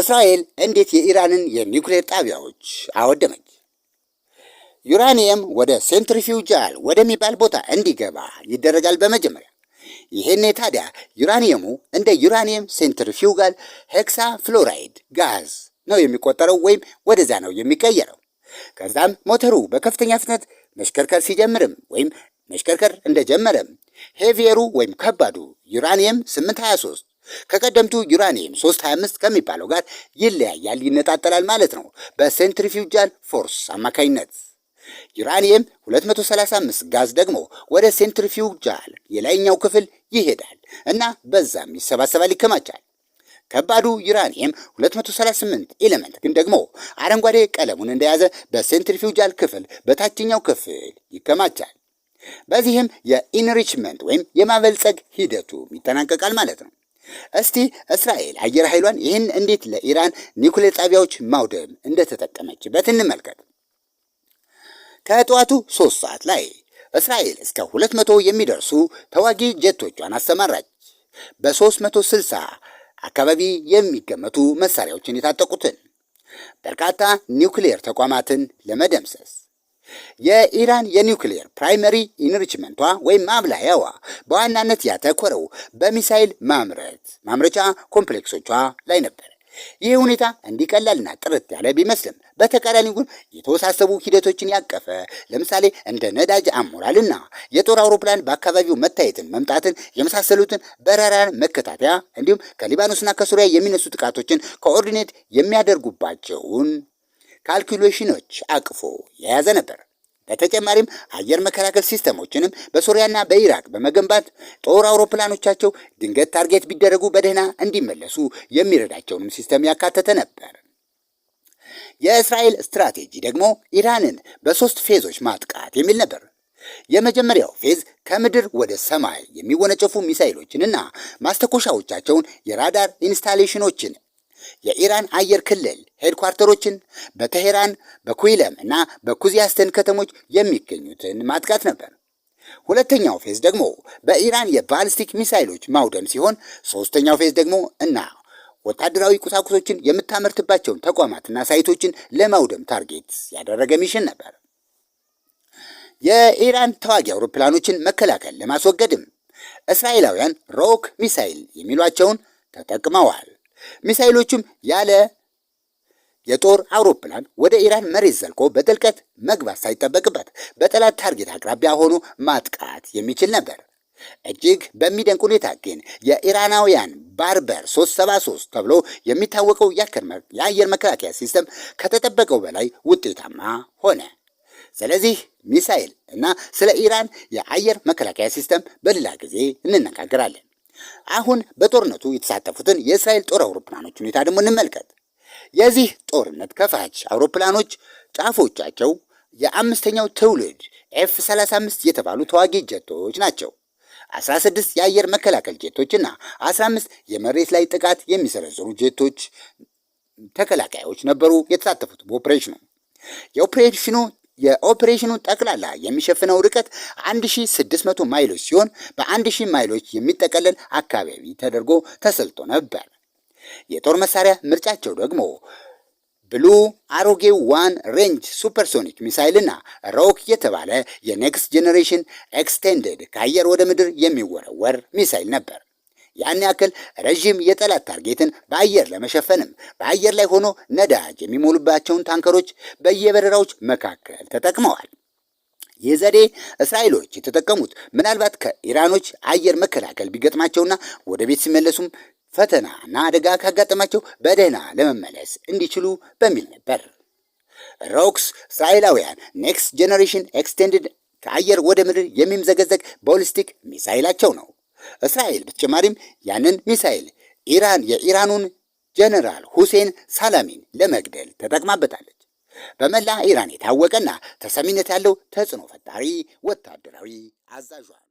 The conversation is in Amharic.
እስራኤል እንዴት የኢራንን የኒውክሌር ጣቢያዎች አወደመች? ዩራኒየም ወደ ሴንትሪፊውጃል ወደሚባል ቦታ እንዲገባ ይደረጋል። በመጀመሪያ ይህኔ ታዲያ ዩራኒየሙ እንደ ዩራኒየም ሴንትሪፊውጋል ሄክሳ ፍሎራይድ ጋዝ ነው የሚቆጠረው ወይም ወደዛ ነው የሚቀየረው። ከዛም ሞተሩ በከፍተኛ ፍጥነት መሽከርከር ሲጀምርም ወይም መሽከርከር እንደጀመረም ሄቪየሩ ወይም ከባዱ ዩራኒየም 823 ከቀደምቱ ዩራኒየም 325 ከሚባለው ጋር ይለያያል፣ ይነጣጠላል ማለት ነው በሴንትሪፊውጃል ፎርስ አማካኝነት። ዩራኒየም 235 ጋዝ ደግሞ ወደ ሴንትሪፊውጃል የላይኛው ክፍል ይሄዳል እና በዛም ይሰባሰባል፣ ይከማቻል። ከባዱ ዩራኒየም 238 ኤሌመንት ግን ደግሞ አረንጓዴ ቀለሙን እንደያዘ በሴንትሪፊውጃል ክፍል በታችኛው ክፍል ይከማቻል። በዚህም የኢንሪችመንት ወይም የማበልጸግ ሂደቱ ይጠናቀቃል ማለት ነው። እስቲ እስራኤል አየር ኃይሏን ይህን እንዴት ለኢራን ኒውክሌር ጣቢያዎች ማውደም እንደተጠቀመችበት እንመልከት። ከጠዋቱ ሶስት ሰዓት ላይ እስራኤል እስከ 200 መቶ የሚደርሱ ተዋጊ ጀቶቿን አሰማራች። በ በ360 አካባቢ የሚገመቱ መሳሪያዎችን የታጠቁትን በርካታ ኒውክሌር ተቋማትን ለመደምሰስ የኢራን የኒውክሌር ፕራይመሪ ኢንሪችመንቷ ወይም ማብላያዋ በዋናነት ያተኮረው በሚሳይል ማምረት ማምረቻ ኮምፕሌክሶቿ ላይ ነበር። ይህ ሁኔታ እንዲቀላልና ጥርት ያለ ቢመስልም በተቃራኒ ግን የተወሳሰቡ ሂደቶችን ያቀፈ ለምሳሌ እንደ ነዳጅ አሞላልና የጦር አውሮፕላን በአካባቢው መታየትን መምጣትን የመሳሰሉትን በረራን መከታተያ እንዲሁም ከሊባኖስና ከሱሪያ የሚነሱ ጥቃቶችን ኮኦርዲኔት የሚያደርጉባቸውን ካልኩሌሽኖች አቅፎ የያዘ ነበር። በተጨማሪም አየር መከላከል ሲስተሞችንም በሶሪያና በኢራቅ በመገንባት ጦር አውሮፕላኖቻቸው ድንገት ታርጌት ቢደረጉ በደህና እንዲመለሱ የሚረዳቸውንም ሲስተም ያካተተ ነበር። የእስራኤል ስትራቴጂ ደግሞ ኢራንን በሶስት ፌዞች ማጥቃት የሚል ነበር። የመጀመሪያው ፌዝ ከምድር ወደ ሰማይ የሚወነጨፉ ሚሳይሎችንና ማስተኮሻዎቻቸውን የራዳር ኢንስታሌሽኖችን የኢራን አየር ክልል ሄድኳርተሮችን በተሄራን በኩይለም እና በኩዚያስተን ከተሞች የሚገኙትን ማጥቃት ነበር። ሁለተኛው ፌዝ ደግሞ በኢራን የባሊስቲክ ሚሳይሎች ማውደም ሲሆን፣ ሶስተኛው ፌዝ ደግሞ እና ወታደራዊ ቁሳቁሶችን የምታመርትባቸውን ተቋማትና ሳይቶችን ለማውደም ታርጌት ያደረገ ሚሽን ነበር። የኢራን ተዋጊ አውሮፕላኖችን መከላከል ለማስወገድም እስራኤላውያን ሮክ ሚሳይል የሚሏቸውን ተጠቅመዋል። ሚሳይሎቹም ያለ የጦር አውሮፕላን ወደ ኢራን መሬት ዘልቆ በጥልቀት መግባት ሳይጠበቅበት በጠላት ታርጌት አቅራቢያ ሆኖ ማጥቃት የሚችል ነበር። እጅግ በሚደንቅ ሁኔታ ግን የኢራናውያን ባርበር 373 ተብሎ የሚታወቀው የአየር መከላከያ ሲስተም ከተጠበቀው በላይ ውጤታማ ሆነ። ስለዚህ ሚሳኤል እና ስለ ኢራን የአየር መከላከያ ሲስተም በሌላ ጊዜ እንነጋገራለን። አሁን በጦርነቱ የተሳተፉትን የእስራኤል ጦር አውሮፕላኖች ሁኔታ ደግሞ እንመልከት። የዚህ ጦርነት ከፋች አውሮፕላኖች ጫፎቻቸው የአምስተኛው ትውልድ ኤፍ 35 የተባሉ ተዋጊ ጀቶች ናቸው። 16 የአየር መከላከል ጀቶች 15 የመሬት ላይ ጥቃት የሚሰነዘሩ ጀቶች ተከላካዮች ነበሩ የተሳተፉት በኦፕሬሽኑ። የኦፕሬሽኑ የኦፕሬሽኑ ጠቅላላ የሚሸፍነው ርቀት 1600 ማይሎች ሲሆን በ1000 ማይሎች የሚጠቀለል አካባቢ ተደርጎ ተሰልቶ ነበር። የጦር መሳሪያ ምርጫቸው ደግሞ ብሉ አሮጌ ዋን ሬንጅ ሱፐርሶኒክ ሚሳይልና ሮክ የተባለ የኔክስት ጄኔሬሽን ኤክስቴንደድ ከአየር ወደ ምድር የሚወረወር ሚሳይል ነበር። ያን ያክል ረዥም የጠላት ታርጌትን በአየር ለመሸፈንም በአየር ላይ ሆኖ ነዳጅ የሚሞሉባቸውን ታንከሮች በየበረራዎች መካከል ተጠቅመዋል። ይህ ዘዴ እስራኤሎች የተጠቀሙት ምናልባት ከኢራኖች አየር መከላከል ቢገጥማቸውና ወደ ቤት ሲመለሱም ፈተናና አደጋ ካጋጠማቸው በደህና ለመመለስ እንዲችሉ በሚል ነበር። ሮክስ እስራኤላውያን ኔክስት ጄኔሬሽን ኤክስቴንድድ ከአየር ወደ ምድር የሚምዘገዘግ ቦሊስቲክ ሚሳይላቸው ነው። እስራኤል በተጨማሪም ያንን ሚሳኤል ኢራን የኢራኑን ጀነራል ሁሴን ሳላሚን ለመግደል ተጠቅማበታለች። በመላ ኢራን የታወቀና ተሰሚነት ያለው ተጽዕኖ ፈጣሪ ወታደራዊ አዛዧል።